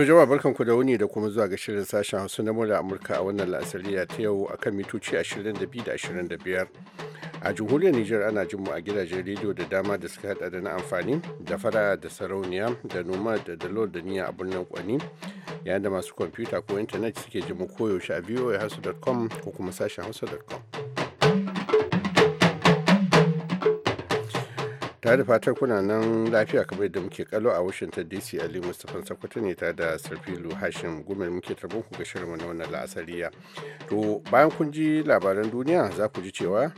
To jama'a barkanku da wuni da kuma zuwa ga shirin sashen Hausa na murya Amurka a wannan la'asariya ta yau a kan mitoci 22 da 25. A jamhuriyar Nijar ana jin mu a gidajen rediyo da dama da suka hada da na amfani da fara da sarauniya da noma da dalo da niyya a birnin kwani yayin da masu kwamfuta ko intanet suke jin mu koyaushe a voahausa.com ko kuma sashen hausa.com. tare da fatar kuna nan lafiya kamar yadda muke kalo a washington dc ali mustapha sakwato ne ta da sarfilu hashim gumel muke tarbon ku ga shirinmu na wannan la'asariya to bayan kun ji labaran duniya za ku ji cewa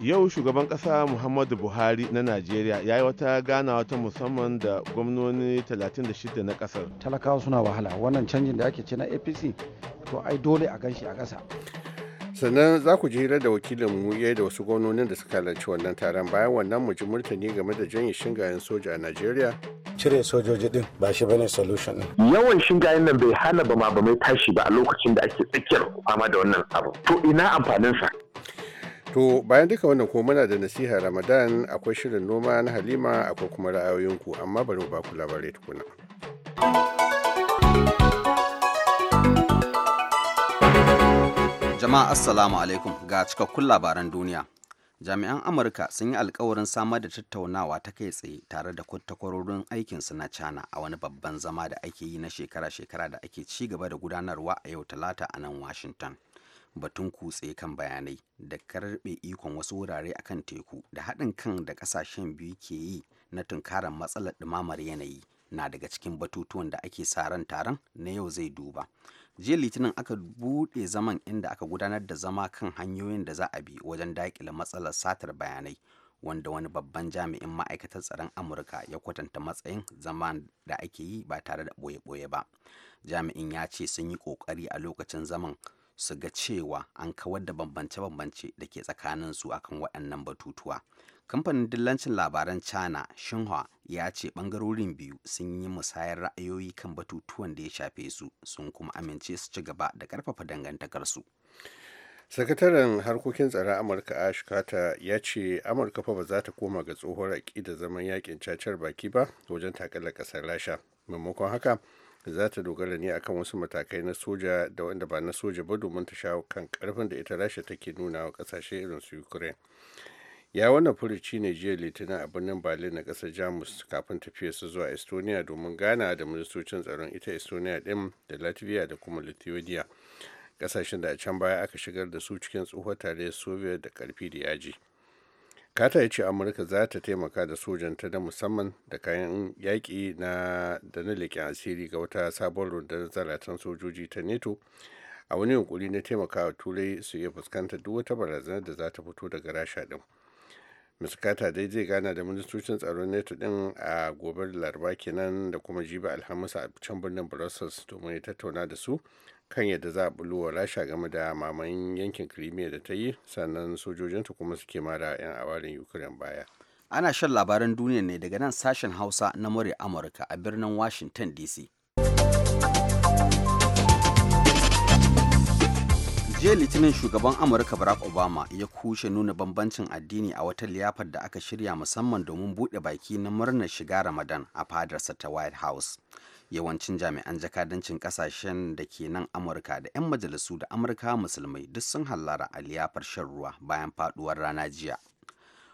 yau shugaban kasa muhammadu buhari na najeriya ya yi wata ganawa ta musamman da gwamnoni 36 na kasar talakawa suna wahala wannan canjin da ake ce na apc to ai dole a ganshi a kasa sannan za ku ji hira da wakilin mu yayi da wasu gwamnonin da suka halarci wannan taron bayan wannan mu ji murtani game da janye shingayen soja a Najeriya cire sojoji din ba shi bane solution din yawan shingayen nan bai hana ba ma ba mai tashi ba a lokacin da ake tsakiyar fama da wannan abu to ina amfanin sa To bayan duka wannan ko muna da nasiha Ramadan akwai shirin noma na Halima akwai kuma ra'ayoyinku amma bari mu ba ku labarai tukuna. Jama'a Assalamu alaikum ga cikakkun labaran duniya. Jami'an Amurka sun yi alkawarin samar da tattaunawa ta kai tsaye tare da takwarorin aikinsu na China a wani babban zama da ake yi na shekara-shekara da ake ci gaba da gudanarwa a yau Talata a nan Washington. Batun kutse kan bayanai da karbe ikon wasu wurare akan teku da haɗin kan da ƙasashen biyu ke yi na tunkarar matsalar ɗumamar yanayi na daga cikin batutuwan da ake sa ran taron na yau zai duba jiya litinin aka bude zaman inda aka gudanar da zama kan hanyoyin da za a bi wajen daƙile matsalar satar bayanai wanda wani babban jami'in ma'aikatar tsaron amurka ya kwatanta matsayin zaman da ake yi ba tare da ɓoye-ɓoye ba jami'in ya ce sun yi ƙoƙari a lokacin zaman su ga cewa an kawar da bambance-bambance da ke tsakanin su akan waɗannan batutuwa kamfanin dillancin labaran china xinhua ya ce bangarorin biyu sun yi musayar ra'ayoyi kan batutuwan da ya shafe su sun kuma amince su ci gaba da karfafa dangantakarsu sakataren harkokin tsaron amurka ash carter ya ce amurka fa ba za ta koma ga tsohuwar da zaman yakin cacar baki ba wajen takalla kasar rasha maimakon haka za ta dogara ne akan wasu matakai na soja da wanda ba na soja ba domin ta shawo kan karfin da ita rasha take nuna wa kasashe irin su ukraine ya wannan furuci ne jiya litinin a birnin berlin na kasar jamus kafin su zuwa estonia domin gana da ministocin tsaron ita estonia din da latvia da kuma lithuania kasashen da a can baya aka shigar da su cikin tsohuwar tarayyar soviet da karfi da yaji kata ya ce amurka za ta taimaka da sojanta na musamman da kayan yaƙi na da na leƙen asiri ga wata sabon rundunar zaratan sojoji ta neto a wani yunkuri na taimakawa turai su iya fuskantar duk wata barazanar da za ta fito daga rasha din Muscata dai zai gana da ministocin tsaron neto din a gobe laraba kenan da kuma jibi alhamis a can birnin brussels domin ya tattauna da su kan yadda za a bulowa rasha game da mamayin yankin crimea da ta yi sannan sojojinta kuma suke mara 'yan awarin ukraine baya ana shan labaran duniya ne daga nan sashen hausa na murya amurka a birnin washington dc jiya litinin shugaban amurka barack obama ya kushe nuna bambancin addini a wata liyafar da aka shirya musamman domin buɗe baki na murnar shiga ramadan a fadarsa ta white house yawancin jami'an jakadancin kasashen da ke nan amurka da 'yan majalisu da amurka musulmai duk sun hallara a liyafar shan ruwa bayan faduwar rana jiya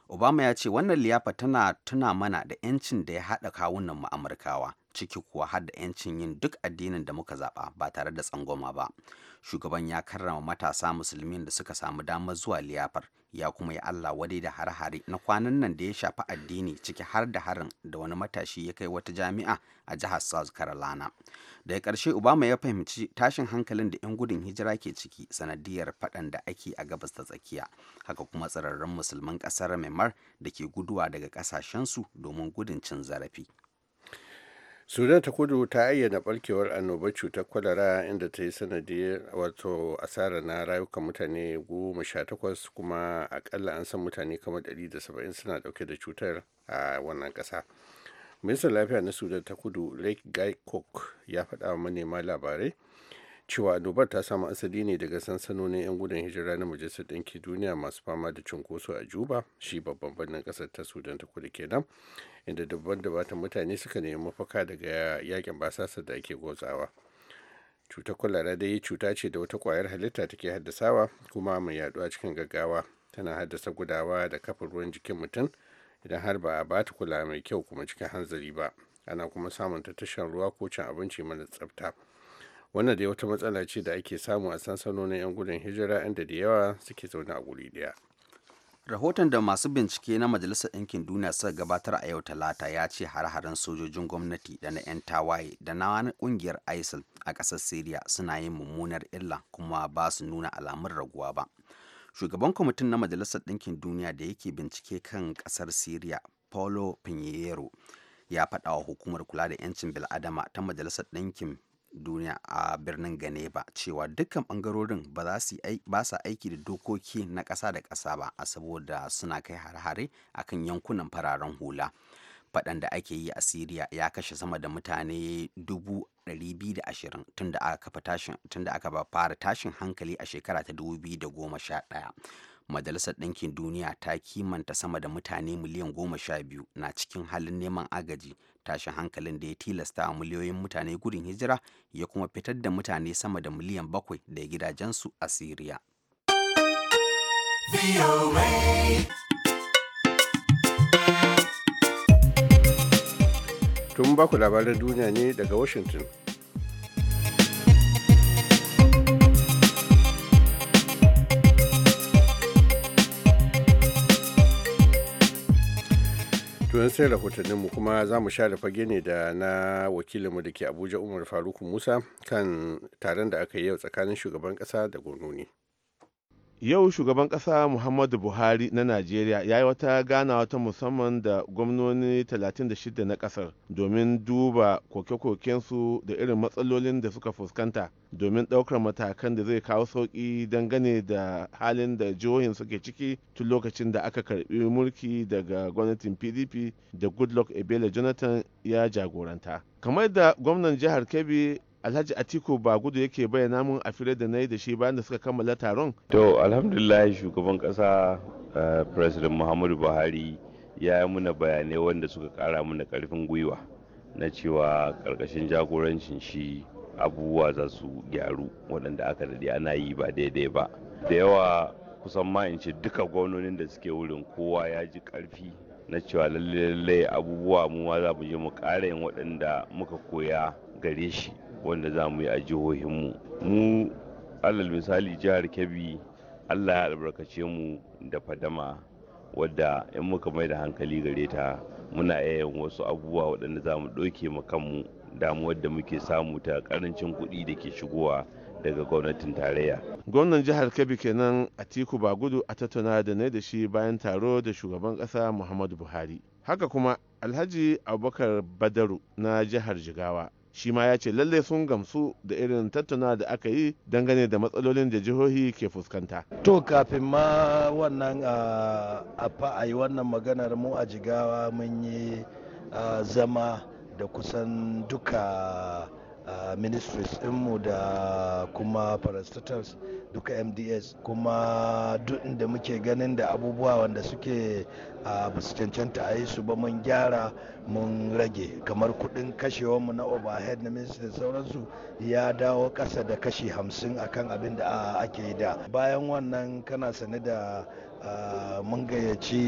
obama ya ce wannan liyafar tana tuna mana da 'yancin da ya haɗa kawunan mu amurkawa ciki kuwa har da 'yancin yin duk addinin da muka zaɓa ba tare da tsangwama ba shugaban ya karrama matasa musulmin da suka samu damar zuwa liyafar ya kuma yi allah wadai da har-hare na kwanan nan da ya shafi addini ciki har da harin da wani matashi ya kai wata jami'a a jihar south carolina daga ƙarshe obama ya fahimci tashin hankalin da 'yan gudun hijira ke ciki sanadiyar faɗan da ake a gabas ta tsakiya haka kuma tsararren musulman ƙasar myanmar da ke guduwa daga ƙasashensu domin gudun cin zarafi sudan ta kudu ta ayyana barkewar annobar cutar kwalara inda ta yi sanadi wato asara na rayuka mutane goma sha takwas kuma akalla an san mutane kama da saba'in suna dauke da cutar a wannan kasa ministan lafiya na sudan ta kudu lake guy cook ya faɗa manema labarai cewa annobar ta samu asali ne daga sansanonin 'yan gudun hijira na majalisar ɗinki duniya masu fama da cunkoso a juba shi babban birnin ƙasar ta sudan ta kudu kenan inda dabban da mutane suka nemi mafaka daga yakin basasa da ake gozawa cutar kwalara dai cuta ce da wata kwayar halitta take haddasawa kuma mai yaduwa cikin gaggawa tana haddasa gudawa da kafin ruwan jikin mutum idan har ba a ba ta kula mai kyau kuma cikin hanzari ba ana kuma samun ta tashan ruwa ko cin abinci mana tsabta. wannan dai wata matsala ce da ake samu a sansanonin 'yan gudun hijira inda da yawa suke zaune a guri daya. rahoton da masu bincike na majalisar ɗinkin duniya suka gabatar a yau talata ya ce har-haren sojojin gwamnati da na 'yan tawaye da na ƙungiyar isil a ƙasar syria suna yin mummunar illa kuma ba su nuna alamun raguwa ba shugaban kwamitin na majalisar ɗinkin duniya da yake bincike kan ƙasar syria paulo pinheiro ya faɗa wa hukumar kula da 'yancin bil'adama ta majalisar ɗinkin duniya a birnin ba cewa dukkan bangarorin ba ba sa aiki da dokoki na ƙasa da ƙasa ba a saboda suna kai har-hare a kan yankunan fararen hula. Faɗan da ake yi a Siriya ya kashe sama da mutane 220 tun da aka ba fara tashin hankali a shekara ta 2011. Majalisar Ɗinkin Duniya ta kimanta sama da mutane miliyan goma sha biyu na cikin halin neman agaji tashin hankalin da ya tilasta a miliyoyin mutane gudun hijira ya kuma fitar da mutane sama da miliyan bakwai da gidajensu a Siriya. Tun baku labarin duniya ne daga Washington. tuwon sai mu kuma za mu share fage ne da na wakilinmu da ke abuja umar faruku musa kan taron da aka yi yau tsakanin shugaban kasa da gononi. yau shugaban ƙasa muhammadu buhari na najeriya ya yi wata ganawa ta musamman da gwamnoni 36 na ƙasar domin duba koke-kokensu da irin matsalolin da suka fuskanta domin ɗaukar matakan da zai kawo sauƙi dangane da halin da jihohin suke ciki tun lokacin da aka karɓi mulki daga gwamnatin pdp da goodluck ebele jonathan ya jagoranta kamar da gwamnan jihar kebbi alhaji atiku ba gudu yake bayyana mun a fira da na yi da shi bayan da suka kammala taron to alhamdulillah shugaban kasa eh, president muhammadu buhari ya yi muna bayanai wanda suka kara muna karfin gwiwa na cewa karkashin jagorancin shi abubuwa za su gyaru waɗanda aka daɗe ana yi ba daidai ba da yawa kusan ma in ce duka gwamnonin da suke wurin kowa ya ji karfi na cewa lallai abubuwa mu ma za mu je mu ƙara yin waɗanda muka koya gare shi wanda za mu yi a jihohinmu mu alal misali jihar kebbi allah ya albarkace mu da fadama wadda in muka mai da hankali gare ta muna yayin wasu abubuwa waɗanda za mu ɗauke mu kanmu damuwar da muke samu ta ƙarancin kuɗi da ke shigowa daga gwamnatin tarayya. Gwamnan jihar Kebbi kenan Atiku gudu a tattauna da ne da shi bayan taro da shugaban ƙasa Muhammadu Buhari. Haka kuma Alhaji Abubakar Badaru na jihar Jigawa shi ma ya ce lallai sun gamsu da irin tattuna da aka yi dangane da matsalolin da jihohi ke fuskanta to kafin ma wannan a yi wannan maganar mu a jigawa mun yi zama da kusan duka ministries ɗinmu da kuma parastatals duka mds kuma duk inda muke ganin da abubuwa wanda suke ba su cancanta a yi su ba mun gyara mun rage kamar kudin kashewarmu na overhead na ministry sauransu ya dawo kasa da kashi hamsin akan abin da ake yi da bayan wannan kana sane da Eh, mun gayyaci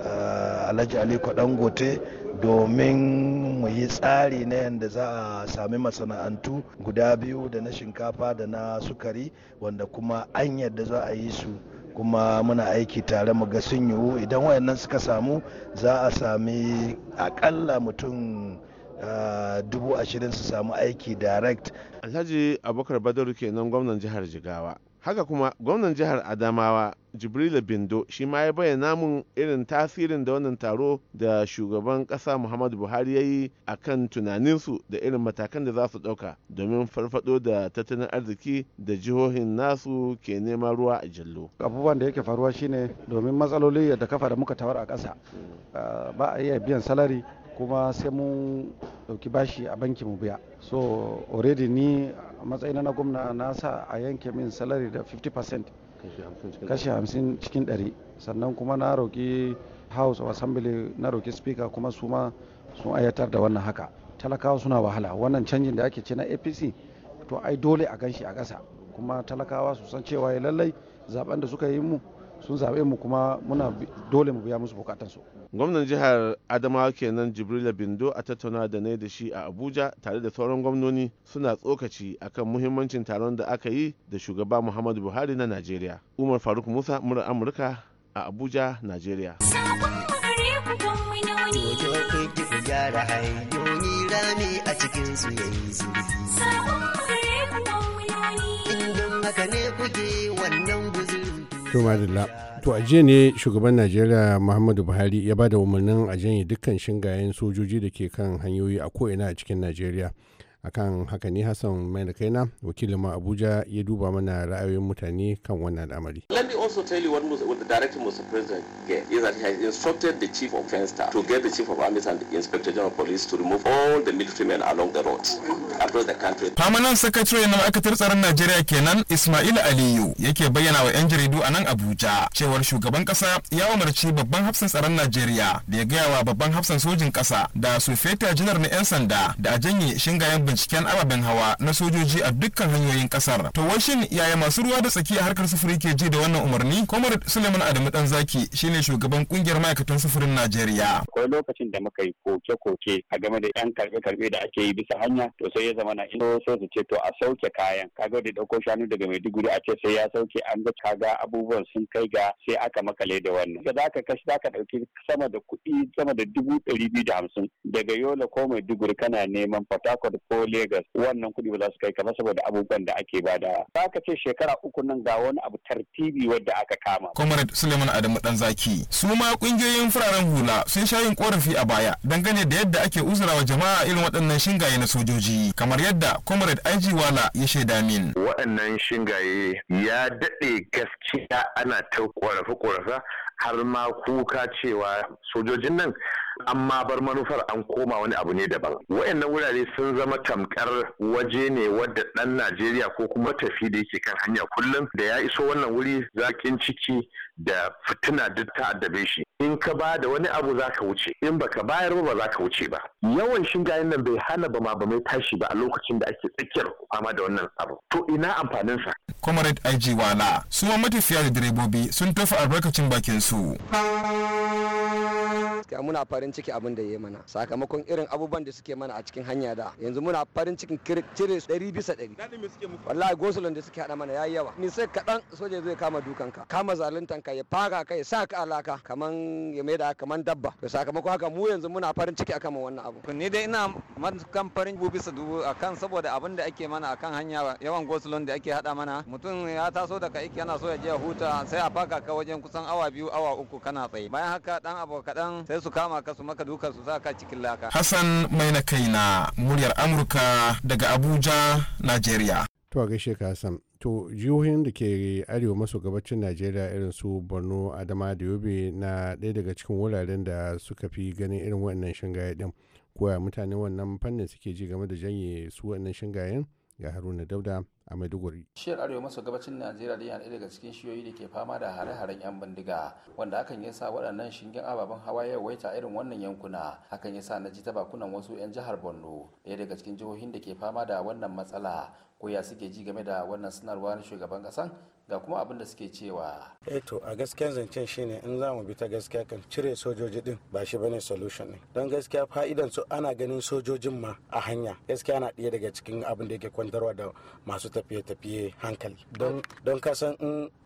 eh, alhaji aliko dangote domin mu yi tsari na yadda za a sami masana'antu guda biyu da na shinkafa da na sukari wanda kuma an yadda za a yi su kuma muna aiki tare mu ga sun yiwu idan wayannan suka samu za a sami akalla mutum eh, dubu ashirin su samu aiki direct alhaji abubakar badaru kenan gwamnan jihar jigawa haka kuma gwamnan jihar adamawa jibrila bindo shi ma ya bayyana mun irin tasirin da wannan taro da shugaban kasa muhammadu buhari ya yi a kan tunaninsu da irin matakan da za su ɗauka domin farfado da tattalin arziki da jihohin nasu ke neman ruwa a jallo abubuwan da yake faruwa shine domin matsaloli da kafa da muka tawar a ƙasa eh, ba a iya biyan salari kuma sai mun ɗauki bashi a banki mu biya so already ni matsayina na gwamna na sa a yanke min salari da 50% kashi 50 cikin 100 sannan kuma na roƙi house of assembly na roƙi speaker kuma su ma sun ayatar da wannan haka talakawa suna wahala wannan canjin da ake ce na apc to ai dole a ganshi a ƙasa kuma talakawa su san cewa eh, lallai zaben da suka yi mu sun zaɓe mu kuma muna dole mu biya musu bukatansu. gwamnan jihar adamawa kenan jibrila bindo a tattauna da ne da shi a abuja tare da sauran gwamnoni suna tsokaci akan muhimmancin taron da aka yi da shugaba muhammadu buhari na najeriya umar faruk musa mura amurka a abuja najeriya rami a cikin su haka ne kuke wannan To a jiya ne shugaban Najeriya Muhammadu Buhari ya ba da umarnin a janye dukkan shingayen sojoji da ke kan hanyoyi a ko'ina a cikin Najeriya. akan haka ne hassan mai da kaina wakilin mu abuja ya duba mana ra'ayoyin mutane kan wannan al'amari let me also tell you what, what the director mr president get is that he has instructed the chief of fence staff to get the chief of army and the inspector general of police to remove all the military men along the roads across the country permanent secretary na ma'aikatar tsaron najeriya kenan ismail aliyu yake bayyana wa yan jaridu a nan abuja cewar shugaban kasa ya umarci babban hafsan tsaron najeriya da ya gaya wa babban hafsan sojin kasa da sufeta janar na yan sanda da a janye shingayen binciken ababen hawa na sojoji a dukkan hanyoyin kasar to washin yaya masu ruwa da tsaki a harkar sufuri ke ji da wannan umarni komar suleiman adamu dan zaki shine shugaban kungiyar ma'aikatan sufurin najeriya akwai lokacin da muka yi koke-koke a game da yan karbe-karbe da ake yi bisa hanya to sai ya zama na ino sai su ce to a sauke kayan kaga da dauko shanu daga maiduguri a ce sai ya sauke an ga kaga abubuwan sun kai ga sai aka makale da wannan da zaka kashi zaka dauki sama da kuɗi sama da dubu ɗari biyu da hamsin daga yola ko maiduguri kana neman port ko ko Legas wannan kudi ba za su kai kama saboda abubuwan da ake bada. Ba ka ce shekara uku nan ga wani abu tartibi wadda aka kama. Comrade Suleiman Adamu dan zaki su ma kungiyoyin fararen hula sun sha yin korafi a baya dangane da yadda ake uzurawa jama'a irin waɗannan shingaye na sojoji kamar yadda Comrade Aji Wala ya shaida min. Waɗannan shingaye ya daɗe gaskiya ana ta korafe-korafe har ma kuka cewa sojojin nan amma bar manufar an koma wani abu ne daban wayannan wurare sun zama tamkar waje ne wadda ɗan Najeriya ko kuma tafi da yake kan hanya kullum da ya iso wannan wuri zakin ciki da fitina duk ta addabe shi in ka ba da wani abu za ka wuce in baka bayar ba za ka wuce ba yawan shingayen nan bai hana ba ma ba mai tashi ba a lokacin da ake tsakiyar fama da wannan abu to ina amfanin sa comrade IG wala su ma matafiya da direbobi sun tafi albarkacin bakin su muna farin ciki abin da ya mana sakamakon irin abubuwan da suke mana a cikin hanya da yanzu muna farin cikin cire 100 bisa 100 wallahi gosulun da suke hada mana yayi yawa ni sai kaɗan soja zai kama dukanka kama ka ya fara ka ya sa ka alaka kaman ya mai da kaman dabba to sakamakon haka mu yanzu muna farin ciki akan wannan abu ni dai ina matukan farin bu bisa dubu akan saboda abin da ake mana akan hanya yawan gosulun da ake hada mana mutum ya taso daga aiki yana so ya je huta sai a faka ka wajen kusan awa biyu awa uku kana tsaye bayan haka dan abu kadan sai su kama ka su maka dukan su za ka cikin laka. Hassan mai na kaina muryar Amurka daga Abuja, Najeriya. To a gaishe ka Hassan. To jihohin da ke arewa maso gabacin Najeriya irin su Borno, Adama da Yobe na ɗaya daga cikin wuraren da suka fi ganin irin wannan shingaye din. Koya mutane wannan fannin suke ji game da janye su wannan shingayen ga Haruna Dauda a Maiduguri. Shiyar Arewa maso gabacin Najeriya da yana daga cikin shiyoyi da ke fama da hare-haren 'yan bindiga wanda hakan ya sa waɗannan shingen ababen hawa ya waita irin wannan yankuna hakan ya sa na ji ta bakunan wasu 'yan jihar Borno ɗaya daga cikin jihohin da ke fama da wannan matsala ko suke ji game da wannan sanarwa na shugaban kasan ga kuma abin da suke cewa eto eh a gaskiyar zancen shine in za mu bi ta gaskiya kan cire sojoji din ba shi bane solution ne don gaskiya fa'idan su ana ganin sojojin ma a hanya gaskiya na ɗaya daga cikin abin da yake kwantarwa da masu tafiye-tafiye hankali don don kasan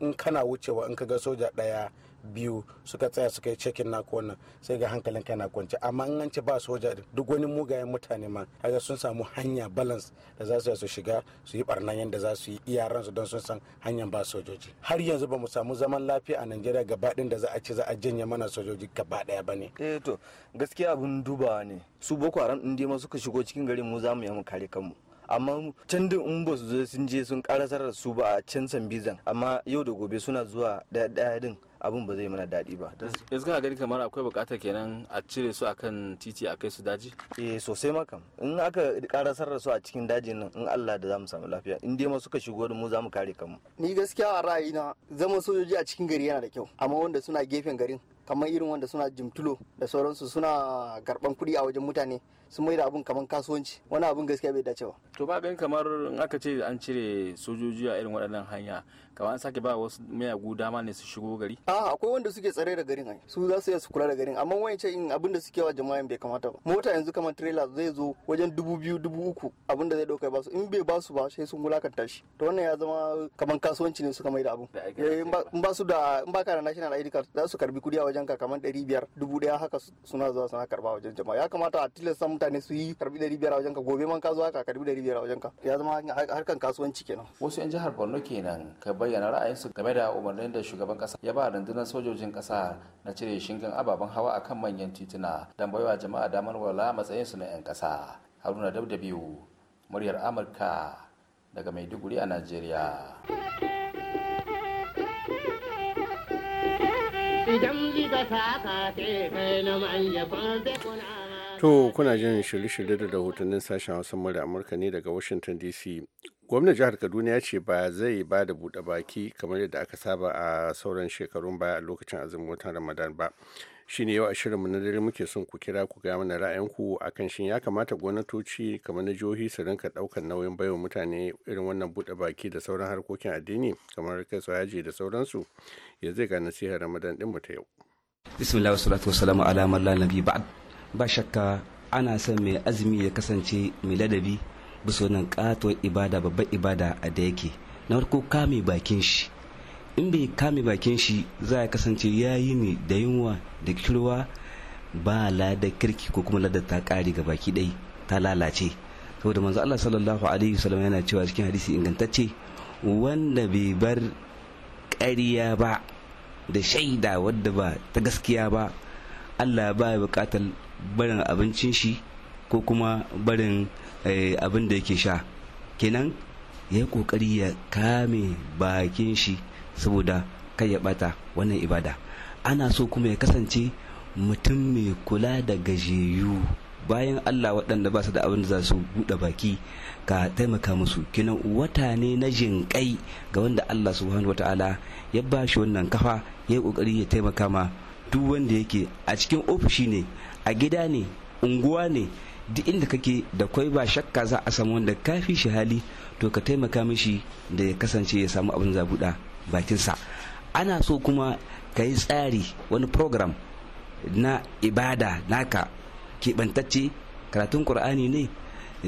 in kana wucewa in ka ga soja ɗaya biyu suka tsaya suka yi cikin na kona sai ga hankalin kai na kwanci amma in an ce ba soja duk wani mugayen mutane ma kaga sun samu hanya balance da za su su shiga su yi barnan yadda za su yi iyaran su don sun san hanyar ba sojoji har yanzu ba mu samu zaman lafiya a Najeriya gaba da za a ce za a janye mana sojoji gaba daya bane eh to gaskiya abun dubawa ne su boko haram din ma suka shigo cikin garin mu za mu yi mu kare kanmu amma can din in ba su zo sun je sun karasar da su ba a can san bizan amma yau da gobe suna zuwa da daya din abin ba zai mana daɗi ba. Yanzu kana gani kamar akwai bukata kenan a cire su akan titi a kai su daji? Eh sosai makam in aka karasar da su a cikin dajin nan in Allah da za mu samu lafiya in dai ma suka shigo da mu za mu kare kanmu. Ni gaskiya a ra'ayina zama sojoji a cikin gari yana da kyau amma wanda suna gefen garin kamar irin wanda suna jimtulo da sauransu suna karban kuɗi a wajen mutane sun mai da abun kamar kasuwanci wani abun gaskiya bai dace ba to ba gani kamar in aka ce an cire sojoji a irin waɗannan hanya kamar an sake ba wasu mayagu dama ne su shigo gari a akwai wanda suke tsare da garin ai su za su iya su kula da garin amma ce in abin da suke wa jama'a bai kamata ba mota yanzu kamar trailer zai zo wajen dubu biyu dubu uku abin da zai dauka ba su in bai ba su ba sai sun wulakanta shi to wannan ya zama kamar kasuwanci ne suka mai da abun eh, in ba su da in ba ka da national id card za su karbi kuɗi a wajen wajen ka kamar ɗari biyar dubu ɗaya haka suna zuwa suna karɓa wajen jama'a ya kamata a tilasta mutane su yi karɓi ɗari biyar a wajen ka gobe man ka zo haka karɓi ɗari biyar a wajen ka ya zama harkan kasuwanci kenan. wasu 'yan jihar borno kenan ka bayyana ra'ayinsu game da umarnin da shugaban ƙasa, ya ba rundunar sojojin ƙasa na cire shingen ababen hawa akan manyan tituna don baiwa jama'a damar wala matsayinsu na 'yan ƙasa. haruna dabdabiyu muryar amurka daga maiduguri a najeriya. To kuna jin shirye-shirye da rahotannin sashen Hausa murya Amurka ne daga Washington DC. gwamnan jihar kaduna ya ce ba zai ba da buɗe baki kamar yadda aka saba a sauran shekarun baya a lokacin azumin watan ramadan ba shi ne yau a shirinmu na dare muke son ku kira ku gaya mana ra'ayinku kan shin ya kamata gwamnatoci kamar na jihohi su rinka ɗaukar nauyin baiwa mutane irin wannan buɗe baki da sauran harkokin addini kamar kai yaji da sauransu ya zai ga nasihar ramadan din mu ta yau bismillah wa salamu ala man nabi ba shakka ana son mai azumi ya kasance mai ladabi bisa wannan katon ibada babban ibada a da yake na farko kame bakin shi in bai kame bakin shi za a kasance ya yi ne da yunwa da kirwa ba lada kirki ko kuma lada ta kare ga baki dai ta lalace saboda manzo Allah sallallahu alaihi wasallam yana cewa cikin hadisi ingantacce wanda bai bar ƙarya ba da shaida wadda ba ta gaskiya ba Allah ba ya bukatar barin abincin shi ko kuma barin Eh, abin da yake sha kenan ya yi kokari ya kame bakin shi saboda kai ya bata wannan ibada ana so kuma ya kasance mutum mai kula da gajiyu bayan Allah waɗanda ba su da abin da za su buɗe baki ka taimaka musu kenan wata ne na jinƙai ga wanda Allah subhanahu wataala ya ba shi wannan kafa ya yi ƙoƙari ya taimaka ma duk wanda yake a cikin ofishi ne a gida ne unguwa ne duk inda kake da kwai ba shakka za a samu wanda kafi shi hali to ka taimaka mishi da ya kasance ya samu abin zabuɗa bakinsa ana so kuma ka yi tsari wani program na ibada naka keɓantacce karatun ƙur'ani ne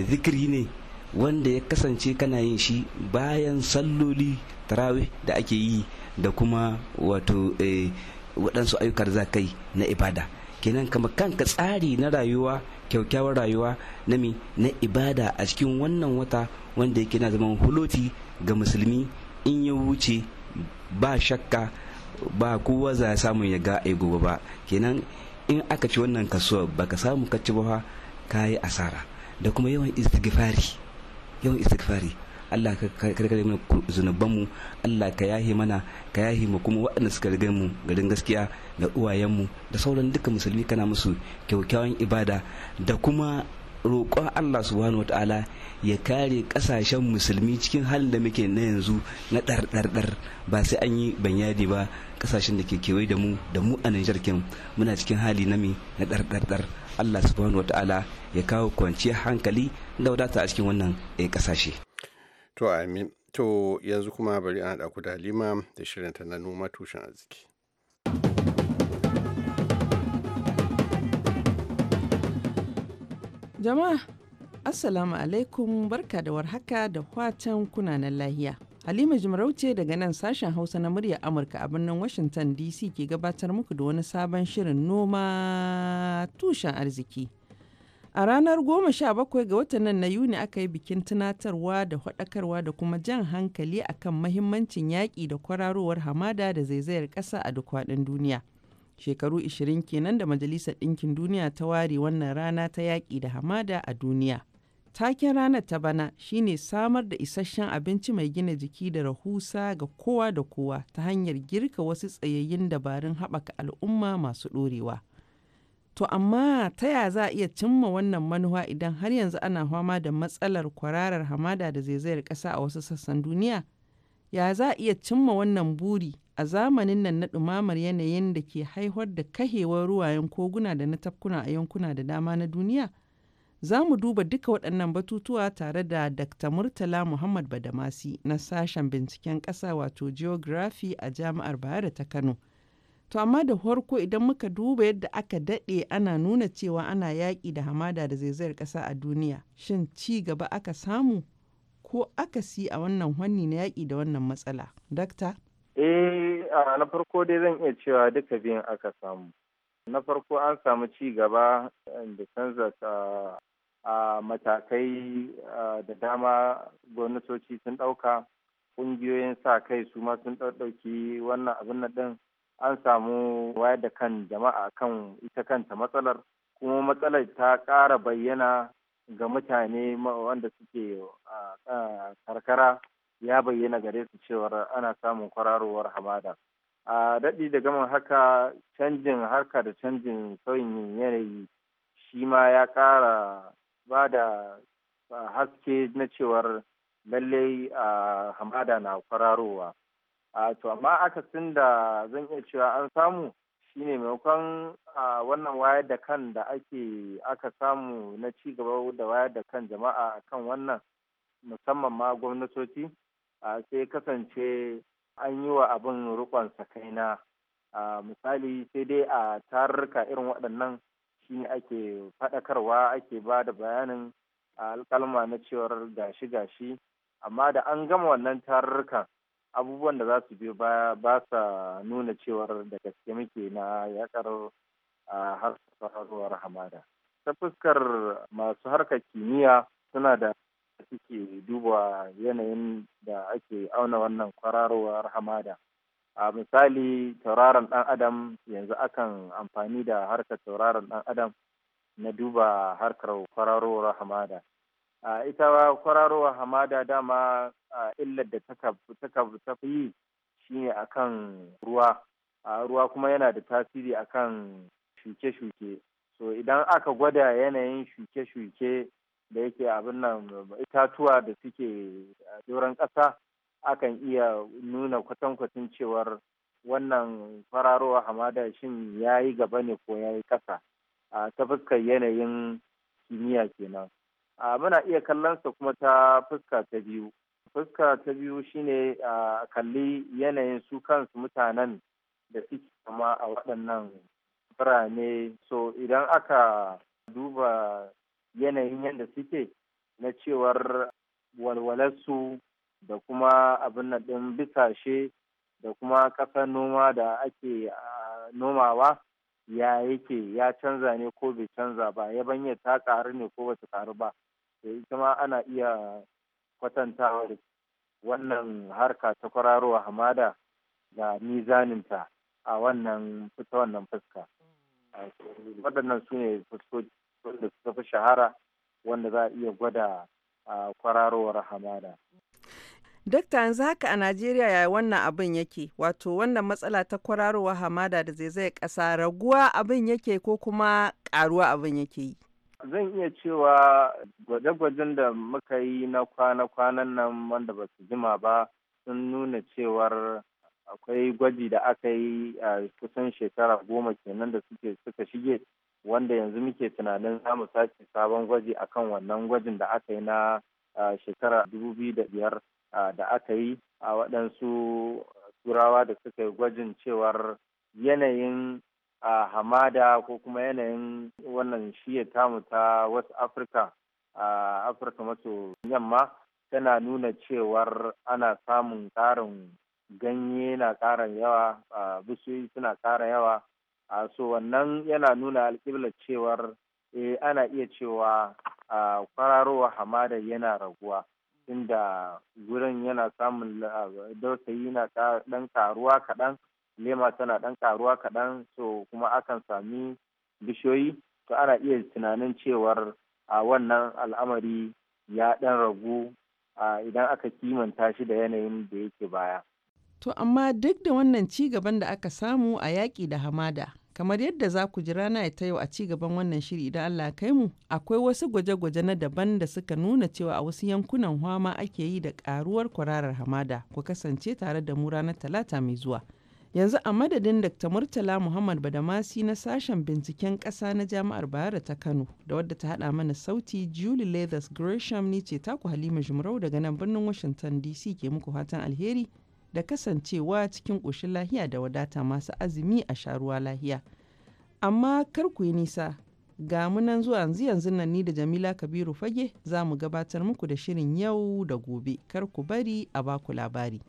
zikiri ne wanda ya kasance kana yin shi bayan salloli tarawih da ake yi da kuma wato eh, waɗansu ayyukan za kai na ibada kenan kama kanka tsari na rayuwa kyaukyawar rayuwa na mi na ibada a cikin wannan wata wanda yake na zaman huloti ga musulmi in ya wuce ba shakka ba kowa za samu ya ga a gobe ba kenan in aka ci wannan kasuwa baka samu ka ci ba ka yi asara da kuma yawan istighfari yawan istighfari Allah ka karkare mana zunubanmu Allah ka yahi mana ka yahi mu kuma waɗanda suka riga mu garin gaskiya da uwayen mu da sauran duka musulmi kana musu kyaukyawan ibada da kuma roƙon Allah subhanahu wata'ala ya kare kasashen musulmi cikin halin da muke na yanzu na ɗarɗarɗar ba sai an yi banyadi ba ƙasashen da ke kewaye da mu da mu a Nijar muna cikin hali na na ɗarɗarɗar Allah subhanahu wata'ala ya kawo kwanciyar hankali da wadata a cikin wannan eh, ƙasashe. To amin. To yanzu kuma bari an haɗa da Halima da shirinta na noma tushen arziki. Jama'a, Assalamu alaikum barka da warhaka da watan kunanan lahiya. Halima Jimarauce daga nan sashen Hausa na murya Amurka a birnin Washington DC ke gabatar muku da wani sabon shirin noma tushen arziki. A ranar goma sha bakwai ga watan nan na Yuni aka yi bikin tunatarwa da haɗakarwa da kuma jan hankali a kan mahimmancin yaƙi da kwararowar hamada da zaizayar ƙasa a duk faɗin duniya. Shekaru ishirin kenan da Majalisar Ɗinkin Duniya ta ware wannan rana ta yaƙi da hamada a duniya. Taken ranar ta bana shine samar da isasshen abinci mai gina jiki da rahusa ga kowa da kowa ta hanyar girka wasu tsayayyun dabarun haɓaka al'umma masu ɗorewa. To amma ta ya za a iya cimma wannan manuwa idan har yanzu ana fama da matsalar kwararar hamada da zaizayar ƙasa a wasu sassan duniya? Ya za a iya cimma wannan buri a zamanin nan na ɗumamar yanayin da ke haihuwar da kahewar ruwayen koguna da na tafkuna a yankuna da dama na duniya? Za mu duba duka waɗannan batutuwa tare da Dr. Murtala Muhammad Badamasi na sashen binciken ƙasa wato Geography a Jami'ar Bayero ta Kano. To amma da farko idan muka duba yadda aka daɗe ana nuna cewa ana yaƙi da hamada da zaizayar ƙasa a duniya, shin ci gaba aka samu ko aka si a wannan hanni na yaƙi da wannan matsala? Dakta? Eh, na farko dai zan iya cewa duka biyan aka samu. Na farko an samu ci gaba eh, da canza eh, a matakai eh, da dama gwamnatoci sun ɗauka, ƙungiyoyin sa kai su ma sun ɗauki wannan abin nan ɗin. an samu wayar da kan jama'a kan ita kanta matsalar kuma matsalar ta ƙara bayyana ga mutane wanda suke a karkara ya bayyana gare su cewar ana samun kwararowar hamada a daɗi da gama haka canjin harka da canjin sauyin yanayi shi ma ya ƙara ba da haske na cewar lallai a hamada na kwararowa a to amma akasin da zan iya cewa an samu shine maimakon wannan wayar da kan da ake aka samu na ci gaba da wayar da kan jama'a kan wannan musamman ma gwamnatoci sai kasance an yi wa abin rukon sakaina misali sai dai a tarurruka irin waɗannan shi ake faɗakarwa ake ba da bayanin alƙalma na cewar gashi-gashi amma da an gama wannan tarurrukan abubuwan da za su biyo baya ba sa nuna cewar da gaske muke na yakar harsuwar hamada ta fuskar masu harkar kimiyya suna da suke duba yanayin da ake auna wannan kwararowar hamada a misali tauraron dan adam yanzu akan amfani da harkar tauraron dan adam na duba harkar kwararowar hamada ita kwararowa hamada dama illar da ta tafi yi shine akan ruwa ruwa kuma yana da tasiri akan shuke-shuke so idan aka gwada yanayin shuke-shuke da yake abin nan itatuwa da suke doron ƙasa akan iya nuna kwatankwacin cewar wannan kwararowa hamada shin ya yi gaba ne ko ya yi ƙasa ta fuskar yanayin kimiyya kenan muna iya kallon sa kuma ta fuska ta biyu fuska ta biyu shine a kalli yanayin su kansu mutanen da suke kama a waɗannan birane so idan aka duba yanayin yadda suke na cewar walwalarsu da kuma abin na ɗin bisashe da kuma ƙasar noma da ake nomawa ya yake ya canza ne ko bai canza ba yabanya ta ƙaru ne ko ta ƙaru ba da ita ma ana iya kwatantawa da wannan harka ta kwararowa hamada da mizaninta a wannan fita wannan fuska waɗannan su ne fuskoki suka fi shahara wanda za a iya gwada a kwararowar hamada Dokta yanzu haka a Najeriya yaya wannan abin yake wato wannan matsala ta kwararowa hamada da zai ƙasa raguwa abin yake ko kuma ƙaruwa abin yake yi. Zan iya cewa gwaje-gwajen da muka yi na kwana-kwanan nan wanda ba su jima ba sun nuna cewar akwai gwaji da aka yi a kusan shekara goma kenan da suke suka shige wanda yanzu muke tunanin za mu sake sabon gwaji akan wannan gwajin da aka yi na shekara dubu biyu da biyar da aka yi a waɗansu turawa da suka yi gwajin cewar yanayin a hamada ko kuma yanayin wannan shiyar tamu ta wasu afirka a afirka maso yamma tana nuna cewar ana samun ƙarin ganye na ƙara yawa a bishiyoyi suna ƙara yawa a so wannan yana nuna alƙiblar cewar eh ana iya cewa a kwararowa hamada yana raguwa inda gurin yana samun dausayi na ɗan karuwa kaɗan lema tana ɗan ƙaruwa kaɗan so kuma akan sami bishiyoyi to ana iya tunanin cewar a wannan al'amari ya ɗan ragu idan aka kimanta shi da yanayin da yake baya. To amma duk da wannan ci gaban da aka samu a yaƙi da hamada, kamar yadda za ku ji rana ta yau a ci gaban wannan shiri idan Allah kai mu, akwai wasu gwaje-gwaje na daban da suka nuna cewa a wasu yankunan hwama ake yi da ƙaruwar kwararar hamada. Ku kasance tare da mu ranar talata mai zuwa. Yanzu a madadin Dr. Murtala Muhammad Badamasi na sashen binciken ƙasa na Jami'ar Bayero ta Kano da wadda ta haɗa mana sauti Julie Leathers Gresham ni ce taku Halima jimarau daga nan birnin Washington DC ke muku fatan alheri da kasancewa cikin ƙoshin lahiya da wadata masu azumi a sharuwa lahiya. Amma kar ku yi nisa ga munan zuwa yanzu yanzu nan ni da Jamila Kabiru Fage za mu gabatar muku da shirin yau da gobe kar ku bari a baku labari.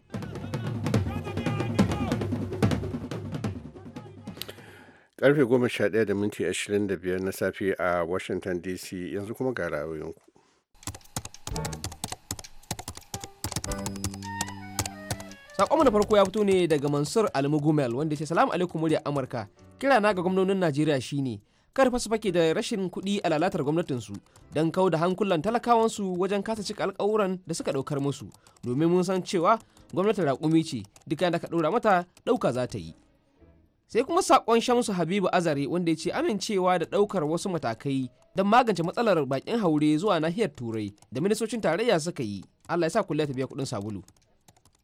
karfe 11 da minti 25 na safe a washington dc yanzu kuma ga ra'ayoyinku sakonmu na farko ya fito ne daga mansur almugumel wanda ce salamu alaikum murya amurka kira na ga gwamnonin najeriya shine kar fa su fake da rashin kuɗi a lalatar gwamnatinsu don kau da hankulan talakawansu wajen kasa cika alkawuran da suka ɗaukar musu domin mun san cewa gwamnatin raƙumi ce duk da ka ɗora mata ɗauka za ta yi sai kuma sakon shamsu habibu azare wanda ya ce amincewa da daukar wasu matakai don magance matsalar bakin haure zuwa nahiyar turai da ministocin tarayya suka yi allah ya sa kulle ta biya kudin sabulu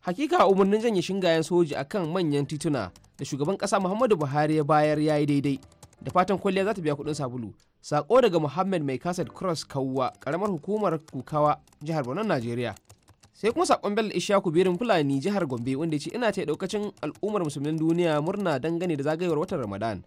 hakika umarnin janye shingayen soji akan manyan tituna da shugaban kasa muhammadu buhari ya bayar ya yi daidai da fatan kwalliya za ta biya kudin sabulu sako daga muhammad mai kasad cross kawwa karamar hukumar kukawa jihar borno najeriya sai kuma sakon bello ishaku birin fulani jihar gombe wanda ce ina ta daukacin al'ummar musulmin duniya murna dangane da zagayowar watan ramadan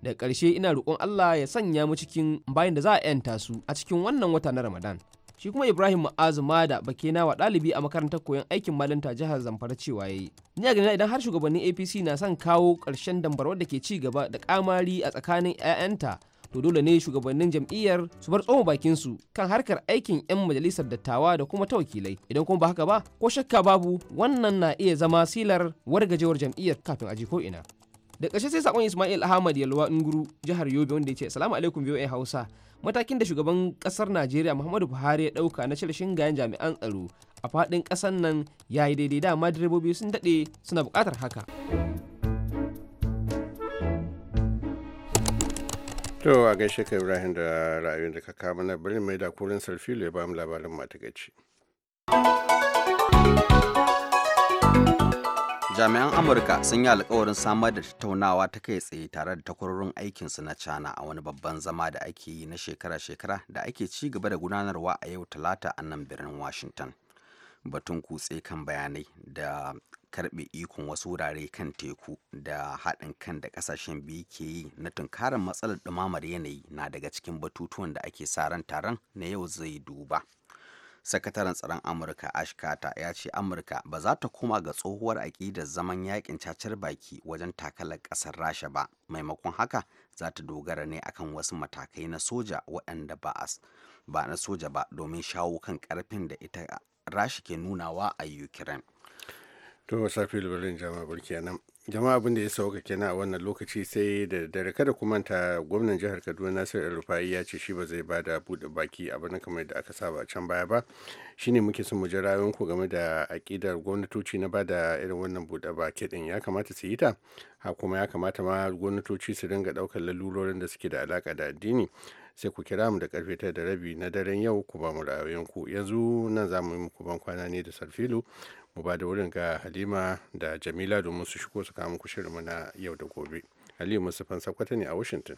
da karshe ina roƙon allah ya sanya mu cikin bayan da za a yanta su a cikin wannan wata na ramadan shi kuma ibrahim ma'azu da bakena wa ɗalibi a makarantar koyon aikin malinta jihar zamfara cewa ya yi. ni a ganina idan har shugabannin apc na son kawo ƙarshen dambarwar da ke ci gaba da ƙamari a tsakanin 'ya'yanta to dole ne shugabannin jam'iyyar su bar tsoma bakin su kan harkar aikin 'yan majalisar dattawa da kuma ta wakilai idan kuma ba haka ba ko shakka babu wannan na iya zama silar wargajewar jam'iyyar kafin aji ko ina da ƙarshe sai sakon Ismail Ahmad Yalwa Nguru jihar Yobe wanda ya ce assalamu alaikum ai Hausa matakin da shugaban ƙasar Najeriya Muhammadu Buhari ya ɗauka na cire shingayen jami'an tsaro a faɗin ƙasar nan yayi daidai da direbobi sun daɗe suna buƙatar haka. To a gaishe ka Ibrahim da ra'ayoyin da ka kama na birnin mai da kurin sarfilu ya ba mu labarin matagaci. Jami'an Amurka sun yi alkawarin samar da tattaunawa ta kai tsaye tare da takwarorin aikinsu na China a wani babban zama da ake yi na shekara-shekara da ake ci gaba da gudanarwa a yau Talata a nan birnin Washington. Batun kutse kan bayanai da karbe ikon wasu wurare kan teku da haɗin kan da ƙasashen biyu ke yi na tunkarar matsalar ɗumamar yanayi na daga cikin batutuwan da ake sa ran taron na yau zai duba. sakataren tsaron amurka ash ya ce amurka ba za ta koma ga tsohuwar aƙidar zaman yakin cacar baki wajen takalar ƙasar rasha ba maimakon haka za ta dogara ne akan wasu matakai na soja waɗanda ba ba na soja ba domin shawo kan ƙarfin da ita rasha ke nunawa a ukraine To safi Berlin jama'a burki nan. Jama'a abin da ya sauka kenan a wannan lokaci sai da dare kada kuma manta gwamnan jihar Kaduna Nasir El-Rufai ya ce shi ba zai bada buɗe baki a bana kamar da aka saba can baya ba. Shine muke son mu ji rayuwar ku game da akidar gwamnatoci na bada irin wannan buɗe baki din ya kamata su yi ta ha kuma ya kamata ma gwamnatoci su dinga ɗaukar lalurorin da suke da alaƙa da addini. sai ku kira mu da karfe ta da rabi na daren yau ku ba mu rayuwar ku yanzu nan za mu yi muku ban kwana ne da sarfilu mu ba da wurin ga halima da jamila domin su shigo su kawo muku shirinmu na yau da gobe halima musufan sakwata ne a washington